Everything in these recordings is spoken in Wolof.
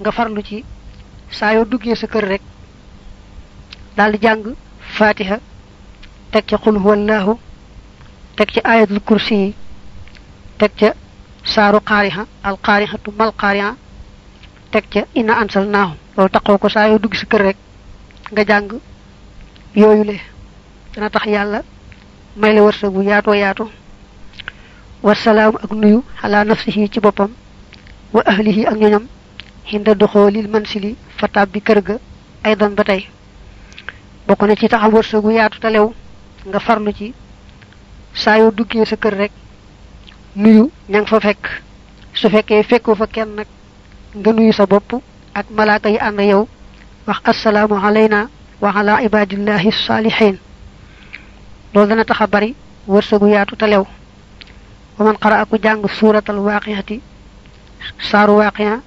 nga farlu ci saa duggee sa kër rek dal di jàng fatiha teg ca xul huwallaahu teg ca ayatul kursi yi teg ca saaru qaariha al qaarihatu mal qaariha teg ca inna ansal naahu loolu taxoo ko saayoo yoo dugg sa kër rek nga jàng yooyu le dana tax yàlla may la wërsëg bu yaatoo yaatu wasalaamu ak nuyu ala nafsihi ci boppam wa ahlihi ak ñoñam xinda doxoolil mansili fataab bi kër ga ay doon ba tey bokk na ci taxam wërsëgu yaatu talew lew nga farlu ci saa yoo duggee sa kër rek nuyu ña nga fa fekk su fekkee fekkoo fa kenn nag nga nuyu sa bopp ak malaaka yi ànd yow wax assalaamu alayna wa ala ibadillahi saalihin loolu dana tax a bari wërsëgu yaatu te lew wa man qara aku jàng suuratal waaqiati saaru waaqia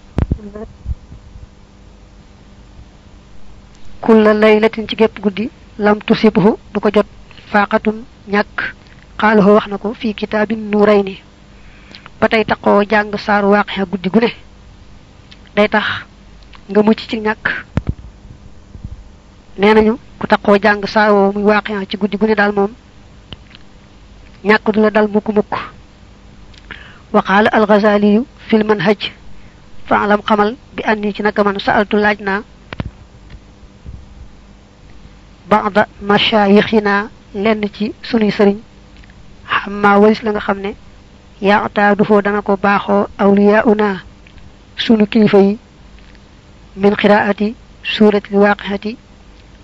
kulla laylatin ci gépp guddi lam tusibhu du ko jot faaqatun ñàkk xaalahu wax na ko fii kitaabin nuurayni ba tey taqoo jàng saaru waaqia guddi day tax nga mucc ci ñàkk nee nañu ku taqoo jàng saar woo muy ci guddi gu daal moom ñàkk du la dal mukk mukk wa qaala al-Ghazaliyu fil manhaj faalam xamal bi anni ci naka man sa'altu laaj naa ba'da mashayixina lenn ci sunuy sëriñ xamma walis la nga xam ne yaataa du foo dana ko baaxoo awliyauna sunu kilifa yi min qiraati suuratil waaqixati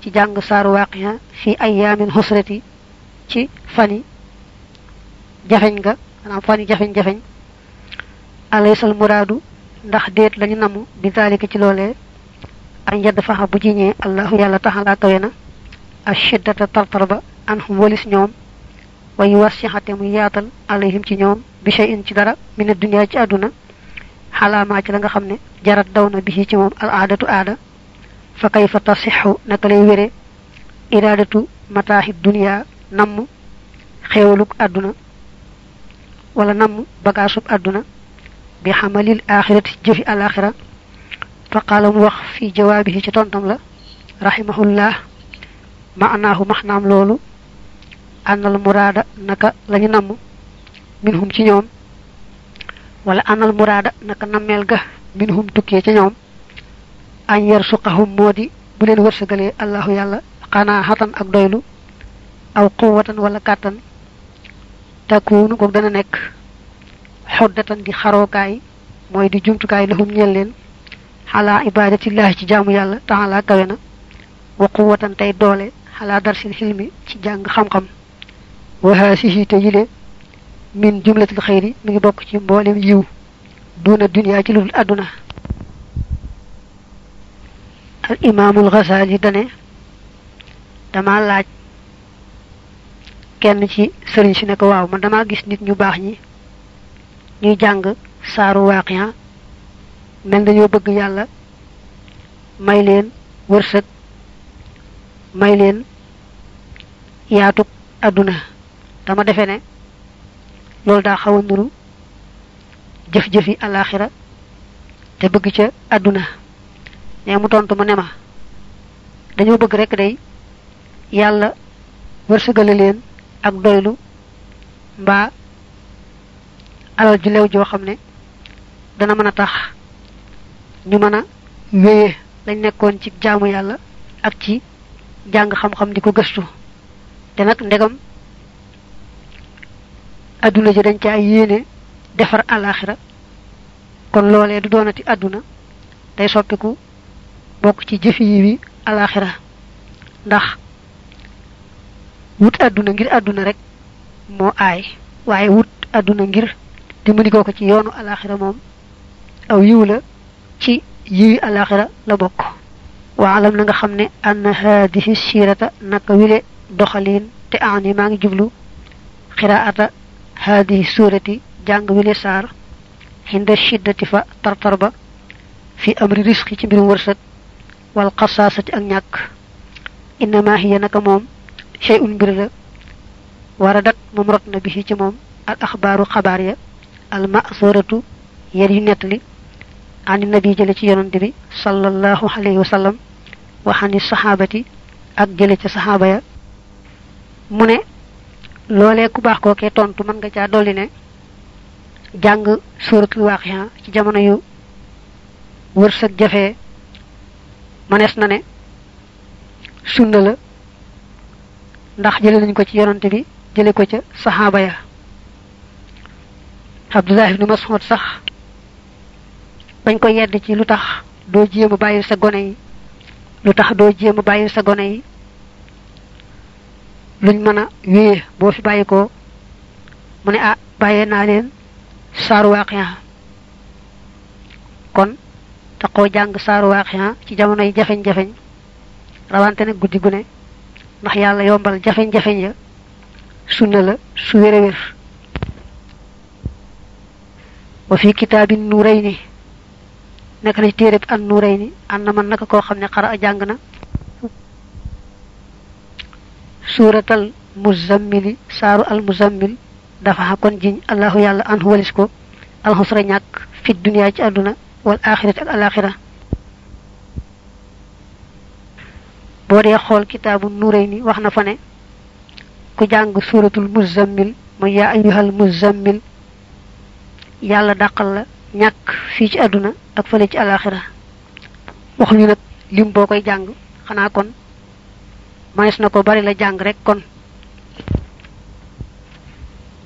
ci jàng saaru waaqixa fi ayaamin xusrati ci fani jafeñ ga maanaam fani jafeñ-jafeñ alaysal muraadu ndax déet lañu namu bi daalika ci loolee an yadd faxa bu jiñee allahu yàlla taxalaa kawe ashiddata tartar ba anhum walis ñoom wa yuwassixate muy yaatal alayhim ci ñoom bi shay'in ci dara mina dunya ci àdduna xalaamaa ci la nga xam ne jarat daw na bi ci moom al aadatu aada fa kayfa tasixu naka lay wéree iraadatu mataaxi dunya namm xéewaluk àdduna wala namm bagaasub àdduna bi xamalil axirati jëfi alaxira fa qaala mu wax fii jawaabihi ci tontam la rahimahullah maanaahu maxnaam loolu ànnal muraada naka lañu namm minhum ci ñoom wala ànnal muraada naka nammeel ga minhum tukkee ca ñoom añ yar suqahum moo di bu leen wërsëgalee allahu yàlla xanaa xatan ak doylu aw quwatan wala kàttan takkuunu kook dana nekk xoddatan di xarookaay mooy di jumtukaay lahum ñeel leen xalaa ibaadatillahi ci jaamu yàlla taala kawe na wa quwatan tey doole xalaa darsil xilmi ci jàng xam-xam wahaasihi te yile min jumlatil xayri mi ngi bokk ci mboolem yiw duna duniyaa ci ludul àdduna al imaamul Ghazali dane dama laaj kenn ci sëriñ si ne waaw man dama gis nit ñu baax ñi ñuy jàng saaru waaqiya mel dañoo bëgg yàlla may leen wërsëg may leen yaatug àdduna dama defe ne loolu daa xaw a nuru jëf-jëfi alaaxira te bëgg ca àdduna ne mu tontu ma ne ma dañoo bëgg rekk dey yàlla wërsëgale leen ak doylu mbaa alal ju lew joo xam ne dana mën a tax ñu mën a wéye lañ nekkoon ci jaamu yàlla ak ci jàng xam-xam di ko gëstu te ndegam adduna ji dañ caa yéene defar alaxira kon loolee du doonati adduna day soppiku bokk ci jëfi yi wi alaxira ndax wut adduna ngir adduna rek moo aay waaye wut adduna ngir dimbali ko ci yoonu alaxira moom aw yiw la ci yiwi alaxira la bokk waalam na nga xam ne ann haadihi siirata naka wile doxaliin te ani maa ngi jublu xiraata haadihi suurati jàng wile saar xinda shiddati fa tartar ba fi amri risqi ci mbirum wërsëg wal xasaasati ak ñàkk innama hiya naka moom chey un mbir moom rot bi ci moom al axbaaru xabaar ya al masoratu yer nettali ani nabi jële ci yonante bi sallallahu alayhi wa sallam waxani saxaabati ak jële ca saxaaba ya mu ne loole ku baax kookee tontu mën nga caa dolli ne jàng suuratul waaqiya ci jamono yu wërsëg jafe mënees na ne sunna la ndax jële nañ ko ci yonante bi jële ko ca saxaaba ya abdullah ibnu mas'ud sax bañ ko yedd ci lu tax doo jéem a bàyyi sa gone yi lu tax doo jéem a bàyyi sa gone yi luñ mën a wéyee boo fi bàyyi ko mu ne a ah, bàyyee naa leen saaru waaqiya kon taxoo jàng saaru waaqiya ci jamono yi jafeñ-jafeñ rawante nag guddi gu ndax yàlla yombal jafeñ-jafeñ ya sunna la su wér a wér wa fi kitaabin nuurayni nekk na ci téere bi an nuuray ni an na man naka koo xam ne xara jàng na suuratal muzammili saaru al muzammil dafa kon jiñ allahu yàlla an walis ko alxusra ñàkk fi duniyaa ci àdduna wal axirati ak alaxira boo dee xool kitaabu nuuray ni wax na fa ne ku jàng suuratul muzammil mooy yaa ayyuhal muzammil yàlla dàqal la ñàkk fii ci àdduna ak fële ci alaxira waxuñu nag lim boo koy jàng xanaa kon manes na ko bari la jàng rek kon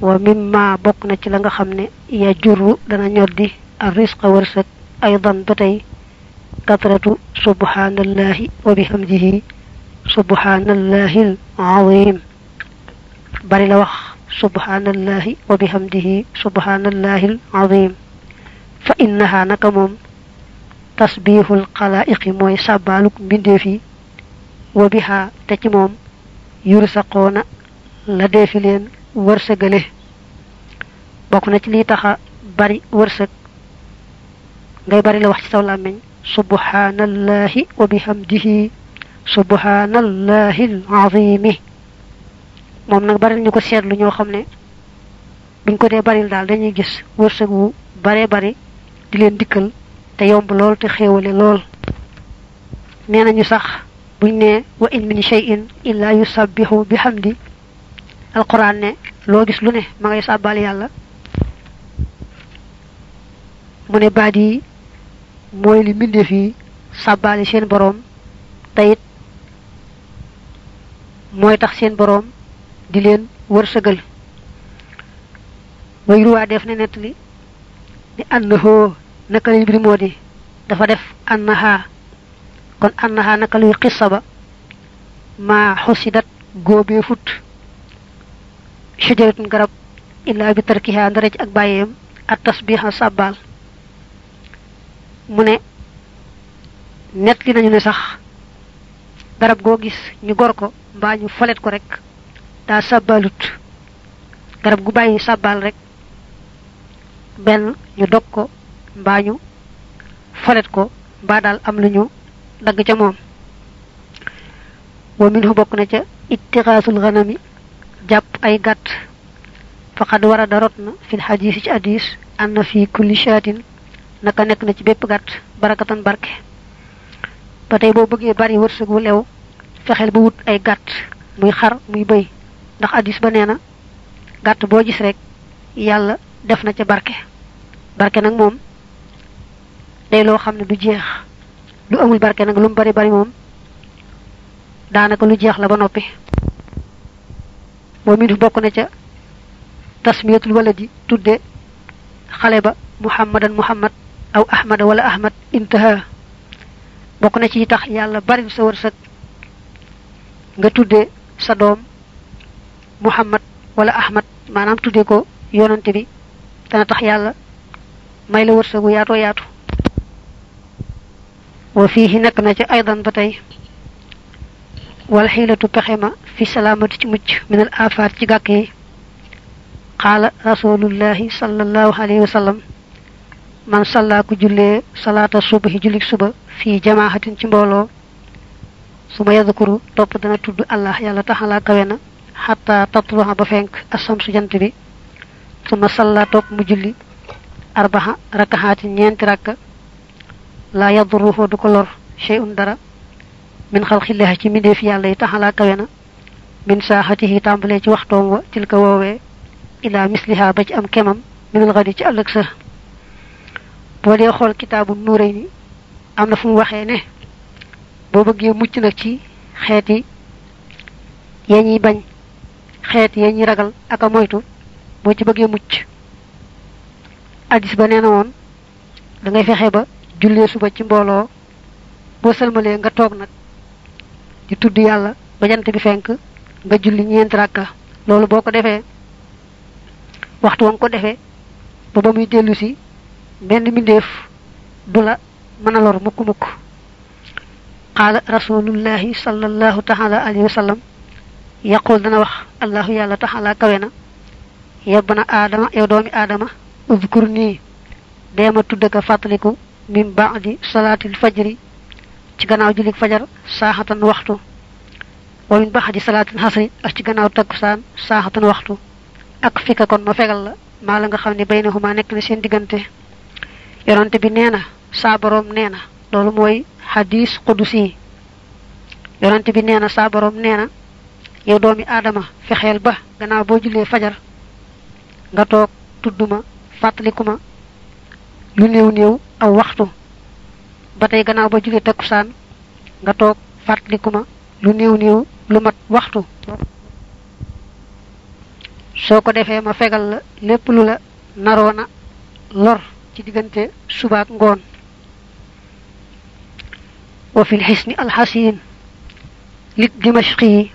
wa mimma bokk na ci la nga xam ne ya jurru dana ñoddi ar risqa wërsëg aydan ba tey katratu subhanallahi wa bihamdihi subhanallahil azim bari la wax subhanallahi wa bihamdihi subhanallahil azim fa innaha naka moom tasbihul xalaa'iqi mooy sàbbaaluk mbindeef yi wa biha te ci moom yursaqoona la deefi leen wërsëgale bokk na ci liy taxa bari wërsëg ngay bari la wax ci saw làmmiñ subhanallahi wa bihamdihi subhanallahi alazimi moom nag bari ñu ko seetlu ñoo xam ne buñ ko dee baril daal dañuy gis wërsëg wu baree bari di leen dikkal te yomb lool te xéewale lool nee nañu sax buñ ne wa in min shay'in illaa yusabbihu bihamdi alquran ne loo gis lu ne ma ngay sàbbaal yàlla mu ne baat yi mooy li mbindeef yi sàbbaale seen boroom teyit mooy tax seen boroom di leen wërsëgal way ruwaa def ne nettali di bi annahu naka lañ mbir moo di dafa def annaha kon annaha naka luy xissa ba maa xusidat góobee fut shajaratun garab illaa bi tarkiha ndaraj ak bàyyeem ak tasbiha sàbbaal mu ne net li nañu ne sax garab goo gis ñu gor ko mbaa ñu folet ko rek daa sàbbaalut garab gu bàyyi sàbbaal rek benn ñu dog ko mbaa ñu falet ko mbaa daal am lu ñu dagg ca moom wa minhu bokk na ca ittixaasul xanami jàpp ay gàtt faqad warada rot na fil xadiis ci hadis anna fi kulli shaatin naka nekk na ci bépp gàtt barakatan barke ba tey boo bëggee bari wërsëg wu lew fexeel ba wut ay gàtt muy xar muy bëy ndax hadis ba nee na gàtt boo gis rek yàlla def na ca barke barke nag moom day loo xam ne du jeex lu amul barke nag lu mu bari bari moom daanaka lu jeex la ba noppi moom it bokk na ca tasmiyatul di tudde xale ba muhammadan muhammad aw ahmada wala ahmad intaha bokk na ci tax yàlla bari sa wërsëg nga tudde sa doom muhammad wala ahmad maanaam tudde ko yonante bi dana tax yàlla may la wërsëg bu yaatoo yaatu wa fii nekk na ci aydan ba tey wal xiilatu pexe ma fi salaamati ci mucc minal afaat ci gàkk yi qaala rasulullahi sallallahu alayhi wa sallam man salla ku jullee salaata subahi julli suba fii jamaahatin ci mbooloo su ma yadkuru topp dana tudd allah yàlla taxalaa kawe na xataa tatluha ba fenk asam su jant bi suma salla topp mu julli arbaxa rakaxaati ñeenti rakk laa yaduruhu du ko lor shay'un dara min xalqillahi ci mbindeef yàlla yi taxalaa kawe na min saaxatihi tàmbalee ci waxtoom wa tilka woowee ilaa misliha ba ci am kemam minal xadi ci ëllëg sa boo dee xool kitaabu nuuray ni am na fu mu waxee ne boo bëggee mucc nag ci xeet yi ya ñuy bañ xeet ya ñuy ragal aka moytu boo ci bëggee mucc addis ba nee na woon dangay fexe ba jullee suba ci mbooloo boo sëlmalee nga toog nag di tudd yàlla ba bi fenk nga julli ñeent rakka loolu boo ko defee waxtu wa ko defee ba muy dellu si benn mbindeef du la mën a lor mukk mukk qaala rasulullahi sallallahu taala alayhi wa sallam dana wax allahu yàlla taxalaa kawe na yebba na aadama yow doomi aadama uzkur nii deema tuddaka fàttaliku min baadi salaatil fajri ci gannaaw jullik fajar saaxatan waxtu wa min baxdi salaatil xasri ak ci gannaaw takkusaan saaxatan waxtu ak fika kon ma fegal la maa la nga xam ne baynahuma nekk na seen diggante yonante bi nee na saa nee na loolu mooy xadis qudusi yonante bi nee na saa nee na yow doomi aadama fexeel ba gannaaw boo jullee fajar nga toog tudduma fàttaliku ma lu néew néew aw waxtu ba tey gannaaw ba jóge takkusaan nga toog fàttaliku ma lu néew néew lu mat waxtu soo ko defee ma fegal la lépp lu la naroona lor ci diggante subaak ngoon wa fil xisni alxasin lit dimashqi yi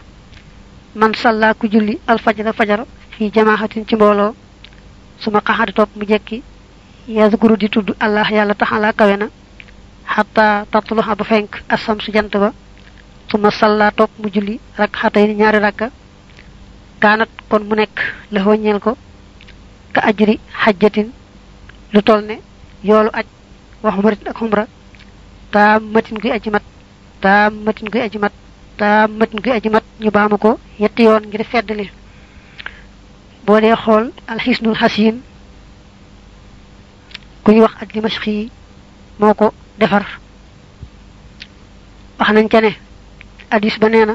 man sàllaa ku julli alfajara fajar fii jamaaxatin ci mbooloo suma xaxada topp mu jekki yazguru di tudd allah yàlla taxala kawe na xata tatluxa ba fenk asam su jant ba suma salla topp mu julli rak xatay ni ñaari rakka kaanat kon mu nekk la wàññeel ko ka ajri xajjatin lu toll ne yoolu aj wax umratin ak umra taam guy aji mat guy aji ñu baamu ko yetti yoon ngir feddali boo dee xool alxisnul xasin ku ñuy wax ak dimashq moo ko defar wax nañ ca ne addis ba nee na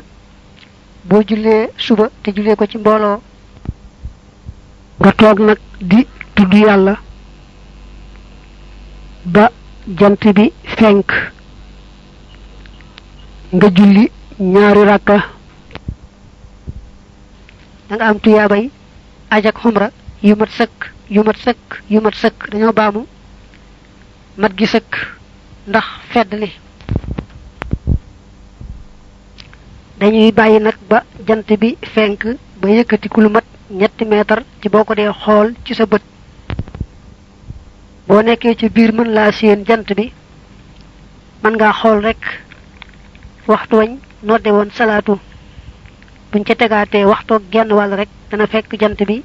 boo jullee suba te jullee ko ci mbooloo nga toog nag di tudd yàlla ba jant bi fenk nga julli ñaari rakka da nga am tuyaabay aj ak xumra yu mat sëkk yu mat sëkk yu mat sëkk dañoo baamu mat gi sëkk ndax fedd li dañuy bàyyi nag ba jant bi fenk ba yëkkati ku mat ñetti meetar ci boo ko dee xool ci sa bët boo nekkee ci biir mën laa seen jant bi mën ngaa xool rekk waxtu wañ nodde woon salaatu buñ ca tegaatee waxtoog genn wàll rek dana fekk jant bi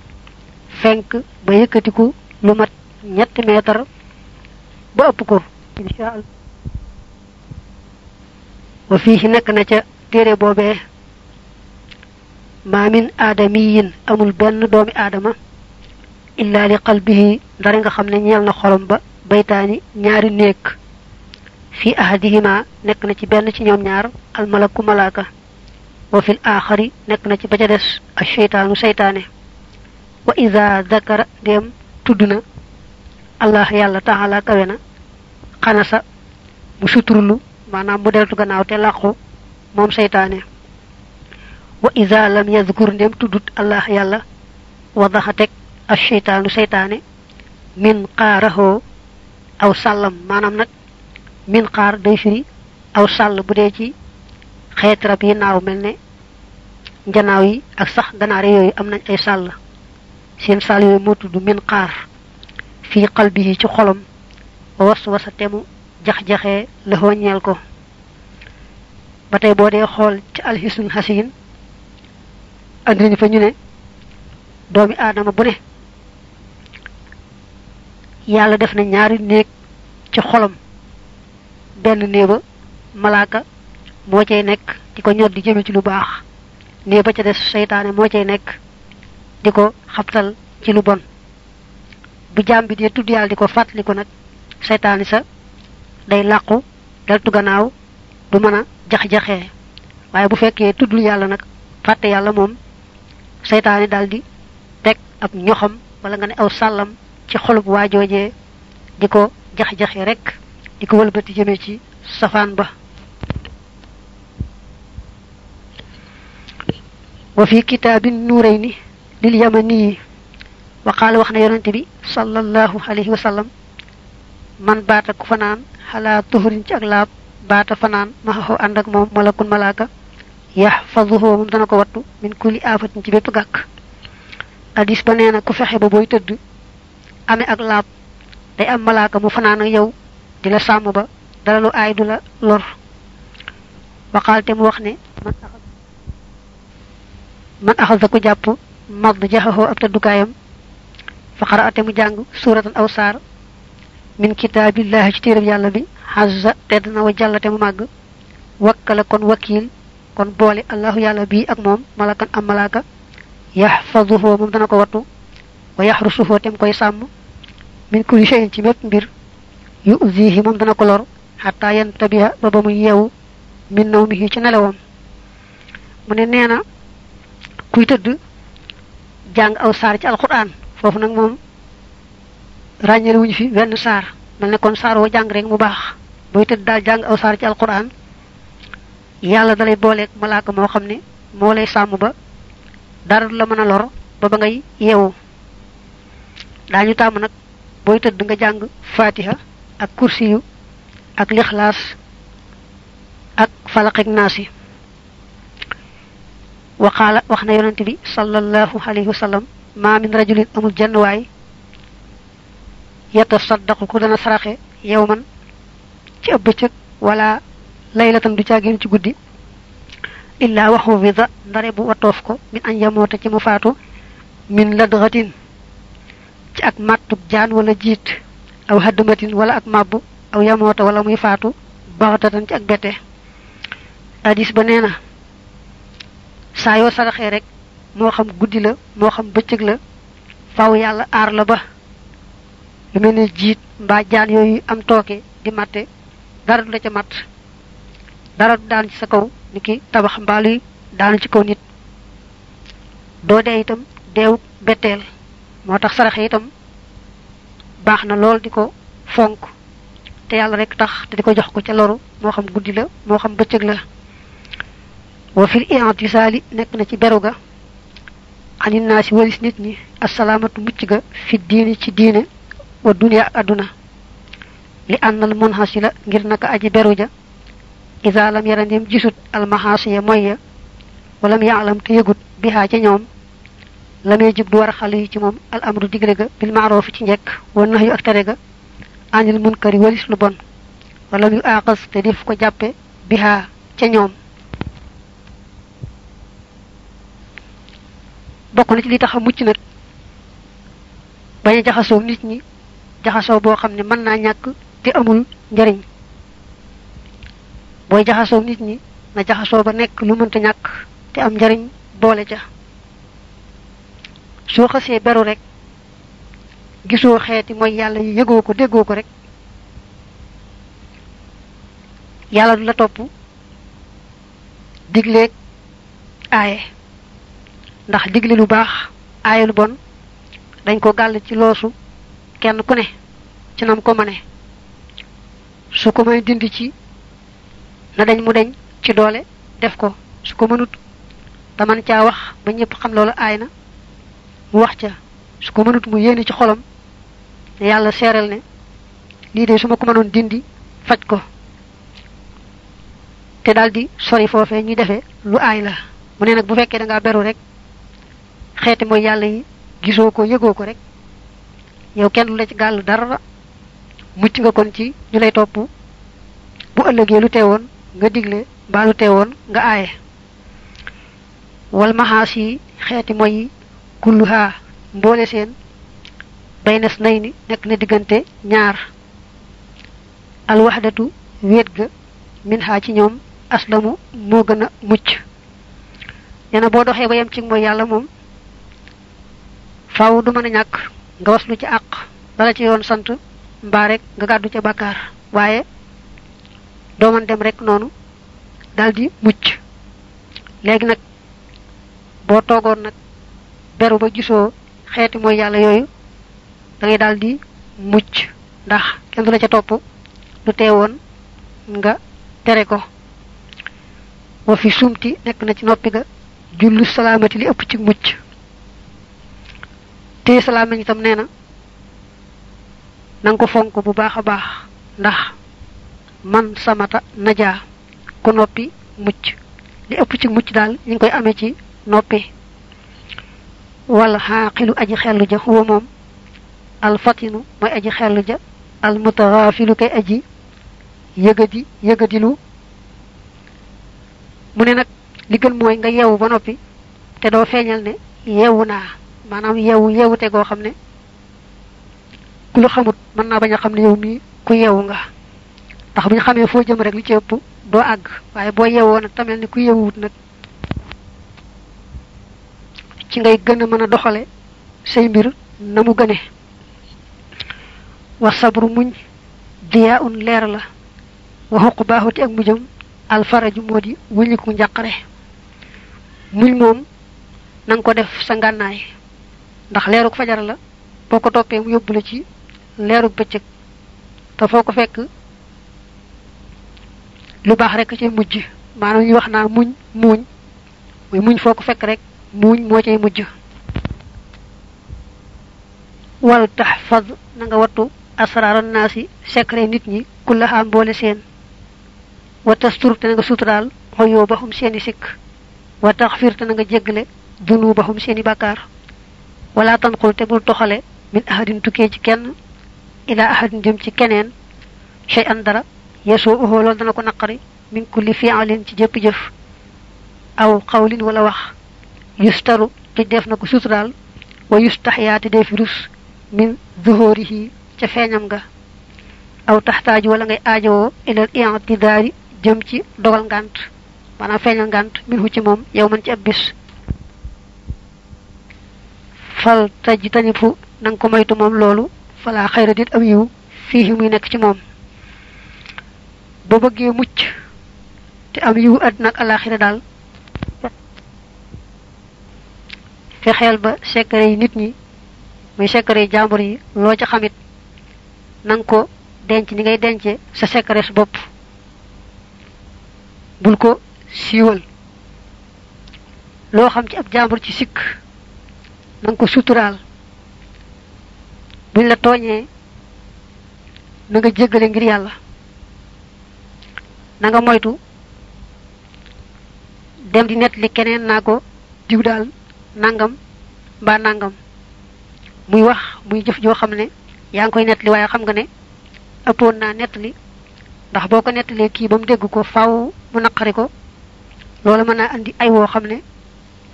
fenk ba yëkkatiku lu mat ñetti meetar ba ëpp ko insha allah fii ci nekk na ca téere boobee maa min aadamiyin amul benn doomi aadama illa bi qalbihi dara nga xam ne ñeel na xolom ba baytaani ñaari néeg fii ahadihima nekk na ci benn ci ñoom ñaar almalaku malaaka wa fil aaxari nekk na ci ba ca des ak seytaanu seytaane wa iza zakara dem tudd na allah yàlla taala kawe na xanasa mu suturlu maanaam mu deltu gannaaw te làqu moom seytaane wa iza lam yazkur ndem tuddut allah yàlla wadaxa teg seytaanu seytaane min xaarahoo aw sàllam maanaam nag min xaar day firi aw sàll bu dee ci xeeti rab yi naaw mel ne njanaaw yi ak sax ganaare yooyu am nañ ay sàll seen sàll yooyu moo tudd min xaar fii xal bi yi ci xolom was wasa temu jax-jaxee la ñeel ko ba tey boo dee xool ci alxisul xasin andi nañu fa ñu ne doomi aadama bu ne yàlla def na ñaari néeg ci xolom benn néeba malaaka moo cay nekk di ko ñor di jëme ci lu baax nee ba ca des seytaane moo cay nekk di ko xabtal ci lu bon bu jaam bi dee tudd yàlla di ko fàttali ko nag seytaane sa day làqu deltu gannaaw du mën a jax waaye bu fekkee tuddul yàlla nag fàtte yàlla moom seytaane daal di teg ab ñoxam walla nga ne aw sàllam ci xolub waajoojee di ko jax-jaxe rek di ko wëlbati jëme ci safaan ba wa fi kitaabin nuurayni lil yamani wa qaala wax na yonente bi sallallahu alayhi wa sallam man baata ku fanaan xalaa tuhurin ci ak laab baata fanaan maxaxoo ànd ak moom malakun malaaka yaxfaduhu moom dana ko wattu min kulli aafatin ci bépp gàkk hadis ba nee ku fexe ba booy tëdd amee ak laab day am malaaka mu fanaan ak yow di la sàmm ba dara aay du la lor waqaal te mu wax ne man axasa ku jàpp mad jaxaxoo ab tëddukaayam fa xara ate mu jàng suuratan aw saar min kitaabillahi ci téereb yàlla bi xasa tedd na wa jàllate mu màgg wakkala kon wakiil kon boole allahu yàlla bi ak moom malakan am malaaka yaxfaduhoo moom dana ko wattu wa yaxrusuhoo tem koy sàmm min kulli shay'in ci mépp mbir yuzihi moom dana ko lor xataa yantabiha ba ba mu yeewu min nawmihi ci nelawam mu ne nee kuy tëdd jàng aw saar ci alquran foofu nag moom ràññale wuñu fi wenn saar mel ne kon saar woo jàng rek mu baax booy tëdd daal jàng aw saar ci alquran yàlla dalay booleeg malaaka moo xam ne moo lay sàmm ba dara du la mën a lor ba ba ngay yeewu daañu tàmm nag booy tëdd nga jàng fatiha ak kursi ak lixlaas ak falaqek naasi waqaala wax na yonent bi sallallahu alayhi wa sallam maa min rajulin amul jenn waay ku dana saraxe yow man ci ab bëccëg wala laylatan du caagéen ci guddi illaa waxu vida ndare bu watoof ko min an yamoota ci mu faatu min ladratin ci ak màttub jaan wala jiit aw haddamatin wala ak màbbu aw yamoota wala muy faatu baxtatan ci ak bette hadis ba nee na saa yoo saraxee rek moo xam guddi la moo xam bëccëg la faw yàlla aar la ba lu mel ne jiit mbaa jaan yooyu am tooke di matte dara du la ca matt dara du daanu ci sa kaw ni ki tabax ci kaw nit doo dee itam deewu betteel moo tax saraxe itam baax na lool di ko fonk te yàlla rek tax te di ko jox ko ca loru moo xam guddi la moo xam bëccëg la waa fil i'tisaali nekk na ci beru ga ani naa si nit ñi asalaamatu mucc ga fi diini ci diine wa duniya ak àdduna li ànnal ngir naka aji beru ja isa lam yara ndem gisut almahaasiya moy ya walam ca ñoom lamee du war a ci moom al amru digle ci njekk wa nax yu ak tere ga munkari walis lu bon walam yu aaqas te def ko jàppe bihaa ca ñoom bokk na ci li tax mucc nag bañ jaxasoo nit ñi jaxasoo boo xam ne mën naa ñàkk te amul njariñ booy jaxasoo nit ñi na jaxasoo ba nekk lu mënta ñàkk te am njariñ boole ja soo xasee beru rek gisoo xeeti mooy yàlla yi yëgoo ko déggoo ko rek yàlla du la topp digleeg aaye ndax digle lu baax aaye lu bon dañ ko gàll ci loosu kenn ku ne ci nam ko mëne su ko may dindi ci na dañ mu deñ ci doole def ko su ko mënut ba man caa wax ba ñëpp xam loolu aay na mu wax ca su ko mënut mu yéene ci xolam yàlla seeral ne lii de su ma ko mënoon dindi faj ko te daldi sori foofee ñuy defee lu aay la mu ne nag bu fekkee da ngaa beru rek xeeti mooy yàlla yi gisoo ko yëgoo ko rek yow kenn lu la ci gàll dara mucc nga kon ci ñu lay topp bu ëllëgee lu teewoon nga digle mbaa lu teewoon nga aaye wal maxaas yi xeeti mooy yi kulluhaa mboole seen baynes nay ni nekk na diggante ñaar alwaxdatu wéet ga min ci ñoom aslamu moo gën a mucc nee boo doxee ba yem ci mooy yàlla moom faaw du mën a ñàkk nga waslu ci àq bala ci yoon sant mbaa rek nga gàddu ca bàkkaar waaye doo mën dem rekk noonu daldi mucc léegi nag boo toogoon nag beru ba gisoo xeeti mooy yàlla yooyu da ngay daldi mucc ndax kenn du la ca topp lu teewoon nga tere ko boo fi sumti nekk na ci noppi ga jullu salaamati li ëpp ci mucc téye sa làmmiñ itam nee na na ko fonk bu baax a baax ndax man samata najaa ku noppi mucc li ëpp ci mucc daal ñu ngi koy amee ci noppi wala xaaqilu aji xellu ja huwa moom alfatinu mooy aji xellu ja almutaxaafilu kay aji yëgadi yëgadilu mu ne nag li gën mooy nga yeewu ba noppi te doo feeñal ne yeewu naa maanaam yeewu yeewute goo xam ne ku lu xamut mën naa bañ a xam ne yow mii ku yeewu nga tax bu ñu xamee foo jëm rek li ci ëpp doo àgg waaye boo yeewoo nag tamel ni ku yeewuwut nag ci ngay gën a mën a doxale say mbir na mu gëne wax sabru muñ diyaa un leer la waxuqu baaxuti ak alfara ju moo di wëññiku njàqare muñ moom nang ko def sa ngànnaay ndax leerug fajar la boo ko toppee mu yóbbu la ci leerug bëccëg te foo ko fekk lu baax rekk ci mujj maanaam ñu wax naa muñ muuñ muy muñ foo ko fekk rek muuñ moo cay mujj wal taxfaz na nga wattu asraran naasi secret nit ñi kullaha mboole seen wa tastur te na nga suturaal xoyoo baxum seeni sikk wa taxfir te na nga jéggale dunuubahum seeni bàkkaar wala tanqul te bul toxale min ahadin tukkee ci kenn ila ahadin jëm ci keneen chey an dara yesoo uhoo loolu dana ko naqari min kulli leen ci jëpp jëf aw xawlin wala wax yustaru te def na ko suturaal wa yustaxyaa te def rus min ca feeñam ga aw taxtaaju wala ngay aajowoo ilal i'tidaari jëm ci dogal ngànt maanaam feeñal ngànt minhu ci moom yow man ci ab bis fal taj tañifu na nga ko moytu moom loolu falaa xayra dit am yiw fii muy nekk ci moom boo bëggee mucc te am yiw àddina ak alaaxira daal fexeel ba secret yi nit ñi muy secret yi jàmbur yi loo ci xamit na ko denc ni ngay dencee sa secret su bopp bul ko siiwal loo xam ci ab jàmbur ci sikk na ko suturaal buñ la tooñee na nga jéggale ngir yàlla na moytu dem di nettali keneen naa ko diw daal nangam mbaa nangam muy wax muy jëf joo xam ne yaa ngi koy nettali waaye xam nga ne ëppoon naa nettali ndax boo ko nettalee kii ba mu dégg ko faw mu naqari ko loolu mën naa andi ay woo xam ne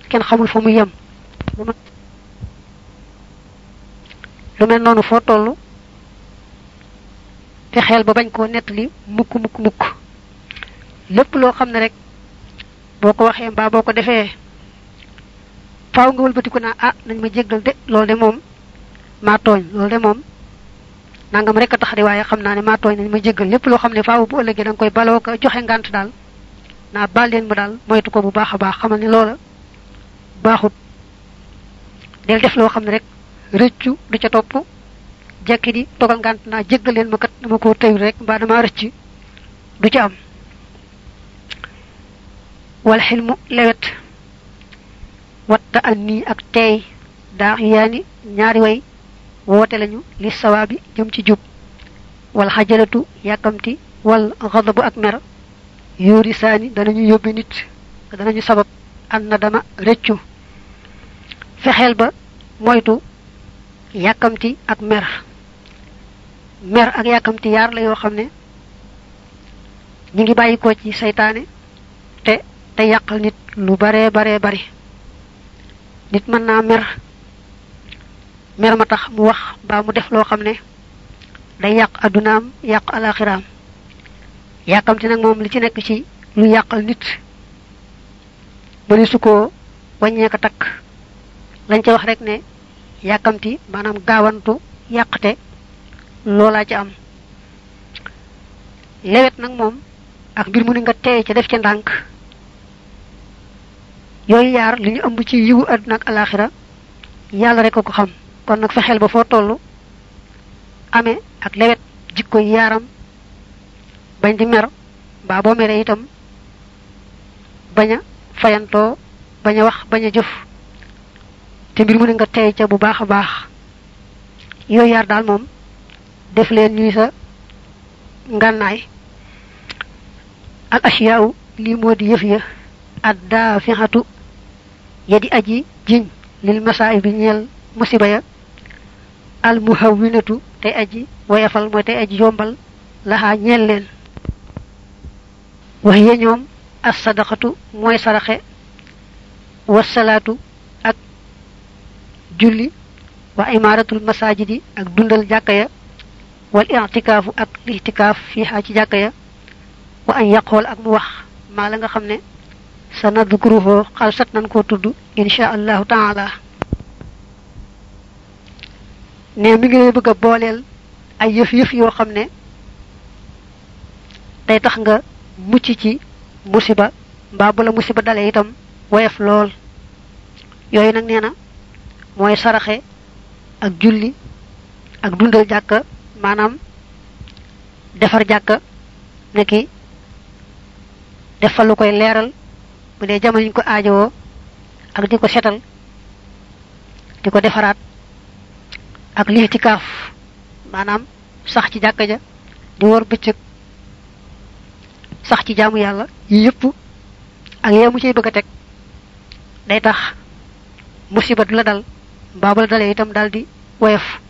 kenn xamul fa mu yem. lu mel noonu foo toll te xel ba bañ koo nettali mukk mukk mukk lépp loo xam ne rek boo ko waxee mbaa boo ko defee faaw nga wëlbatiku naa ah nañ ma jëggal de loolu de moom maa tooñ lool de moom nangam rek a tax de waaye xam naa ne maa tooñ nañ ma jéggal lépp loo xam ne faaw bu ëllëgee da nga koy baloo ko joxe ngànt daal naa baal leen mu daal moytu ko bu baax a baax xamal ne loola baaxut del def loo xam ne rek rëccu da ca topp jekki di dogal ngànt naa jéggal leen ma kat dama ko tey rek mbaa dama rëcc du ca am wal xilmu lewet watta an nii ak teey daax yaani ñaari way woote lañu li sawaabi jëm ci jub wal xajalatu yàkkamti wal xadabu ak mer yóori saani danañu yóbbi nit danañu sabab an na dama rëccu fexeel ba moytu yàkkamti ak mer mer ak yàkkamti yaar la yoo xam ne ñu ngi bàyyi ko ci seytaane te te yàqal nit lu baree baree bari nit mën naa mer mer ma tax mu wax mbaa mu def loo xam ne day yàq addunaam yàq alaxiraam yàkkamti nag moom li ci nekk ci lu yàqal nit mëni su ko wàññee ko takk lañ ca wax rek ne yàkkamti maanaam gaawantu yàqte loolaa ci am lewet nag moom ak mbir mu ni nga teey ca def ca ndànk yooyu yaar li ñu ëmb ci yiwu àdduna ak alaaxira yàlla rek ko xam kon nag fexeel ba foo tollu ame ak lewet jikko yaaram bañ di mer mbaa boo meree itam bañ a fayantoo bañ wax bañ a jëf te mbir mu ne nga tey ca bu baax a baax yooyu yar daal moom def leen ñuy sa ngànnaay al ashyaaw lii moo di yëf ya ad daafixatu ya di aji jiñ lil masaay bi ñeel musiba ya al muhawwinatu tey aji woyafal mooy tey aji yombal laxaa ñeel leen wax ya ñoom as sadaqatu mooy saraxe wasalaatu julli wa imaaratul masajidi ak dundal jàkka ya wal i'tikaafu ak i'tikaaf fiihaa ci jàkka ya wa an yaqool ak mu wax maa la nga xam ne sa nadkuruhu xalsat nan koo tudd insha allahu taala ne mi ngi lay bëgg booleel ay yëf-yëf yoo xam ne day tax nga mucc ci musiba mbaa bu la musiba dalee itam woyof lool yooyu nag nee na mooy saraxe ak julli ak dundal jàkka maanaam defar jàkka nekki def fa lu koy leeral bu dee jamono ñu ko aajowoo ak di ko setal di ko defaraat ak lii kaaf maanaam sax ci jàkka ja di wor bëccëg sax ci jaamu yàlla yi ak yee mu ciy bëgg teg day tax musiba du la dal mbaa bu la dalee itam daal di woyof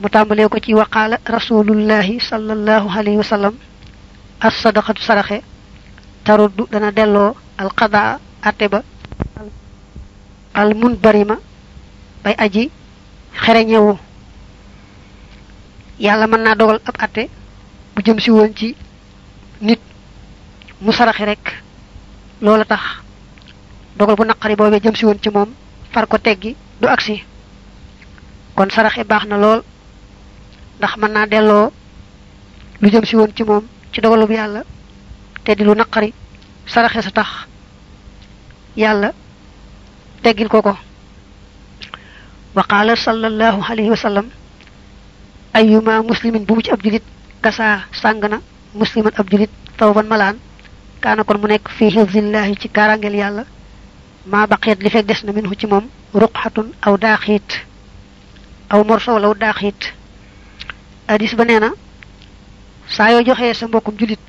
mu tàmbalee ko ci waqaala rasulullahi sallallahu alayhi wa sallam as sadaqatu saraxe taruddu dana delloo alqadaa atte ba al munbarima bay aji xereñewu yàlla mën naa dogal ab ate bu jëm si ci nit mu saraxe rek loola tax dogal bu naqari boobee jëm si woon ci moom far ko teggi du agsi kon saraxe baax na lool ndax mën naa delloo lu jëm si ci moom ci dogalub yàlla te di lu naqari saraxe sa tax yàlla teggil ko ko wa qaala sallallahu alayhi wa sallam ayuma muslimin bu mu ci ab julit gasaa sàng na musliman ab julit tawban malaan kaana kon mu nekk fii xifdillahi ci kaarangeel yàlla maa baqeet li fekk des na minhu ci moom ruqxatun aw daaxiit aw morso wala aw daaxiit addis ba nee na saa yoo joxee sa mbokkum jullit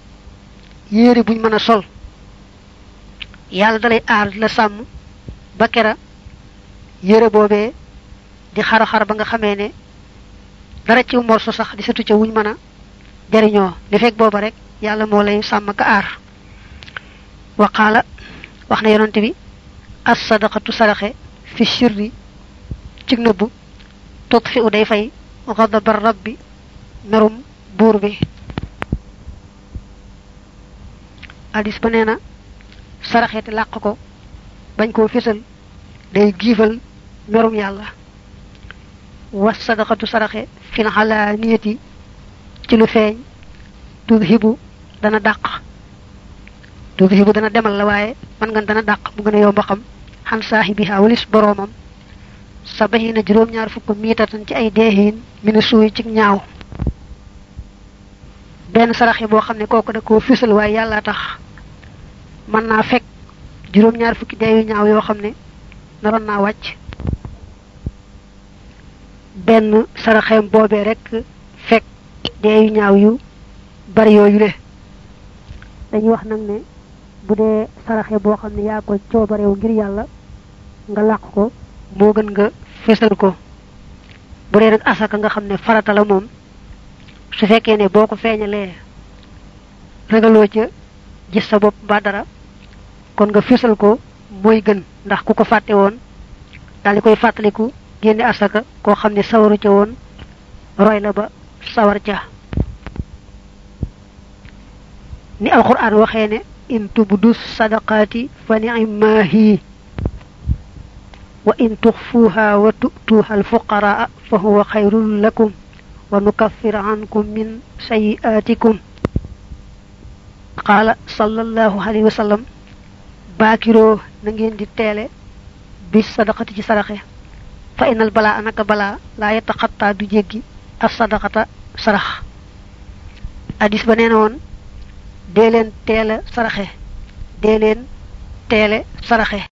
yére buñ mën a sol yàlla dalay aar la sàmm ba kera yére boobee di xaru-xar ba nga xamee ne dara ci morso sax di satu ca wuñ mën a jariñoo li fekk booba rek yàlla moo lay sàmm ka aar waqaala wax na yonante bi as sadaqatu saraxe fi sirri ci nëbbu tutfi u day fay ghadabar rabbi merum buur bi addis ba nee na saraxe te làq ko bañ koo fésal day giifal merum yàlla was sadaqatu saraxe fil alaaniyati ci lu feeñ tudhibu dana dàq tudhibu dana demal la waaye man nga dana dàq mu gën a yomb xam xan bi walis boroomam sabaxiina juróom-ñaar fukk miitatan ci ay deexiin ne suuy ci ñaaw benn saraxe boo xam ne kooku da koo fisal waaye yàlla tax mën naa fekk juróom-ñaar fukki dee yu ñaaw yoo xam ne naroon naa wàcc benn saraxeem boobee rek fekk dee yu ñaaw yu bari yooyu le dañuy wax nag ne bu dee saraxe boo xam ne yaa ko coobareew ngir yàlla nga làq ko moo gën nga fésal ko bu dee nag asaka nga xam ne farata la moom su fekkee ne boo ko feeñalee ragaloo ca gis sa bopp ba dara kon nga fësal ko mooy gën ndax ku ko fàtte woon daal koy fàttaliku génne asaka koo xam ne sawaru ca woon roy la ba sawar ca ni alxuraan waxee ne in tubdu sadaqaati fa ni'immaa hiya wa in tuxfuuha wa tu'tuuha alfuqaraa fa huwa xayrun lakum wa nukaffir ankum min sayi'aatikum qaala sallallahu alayhi wa baakiroo na ngeen di teele bi sadaqati ci saraxe fa inal balaa naka balaa laa yataxattaa du jéggi as sadaqata sarax addis ba nee na woon dee leen teele saraxe dee leen teele saraxe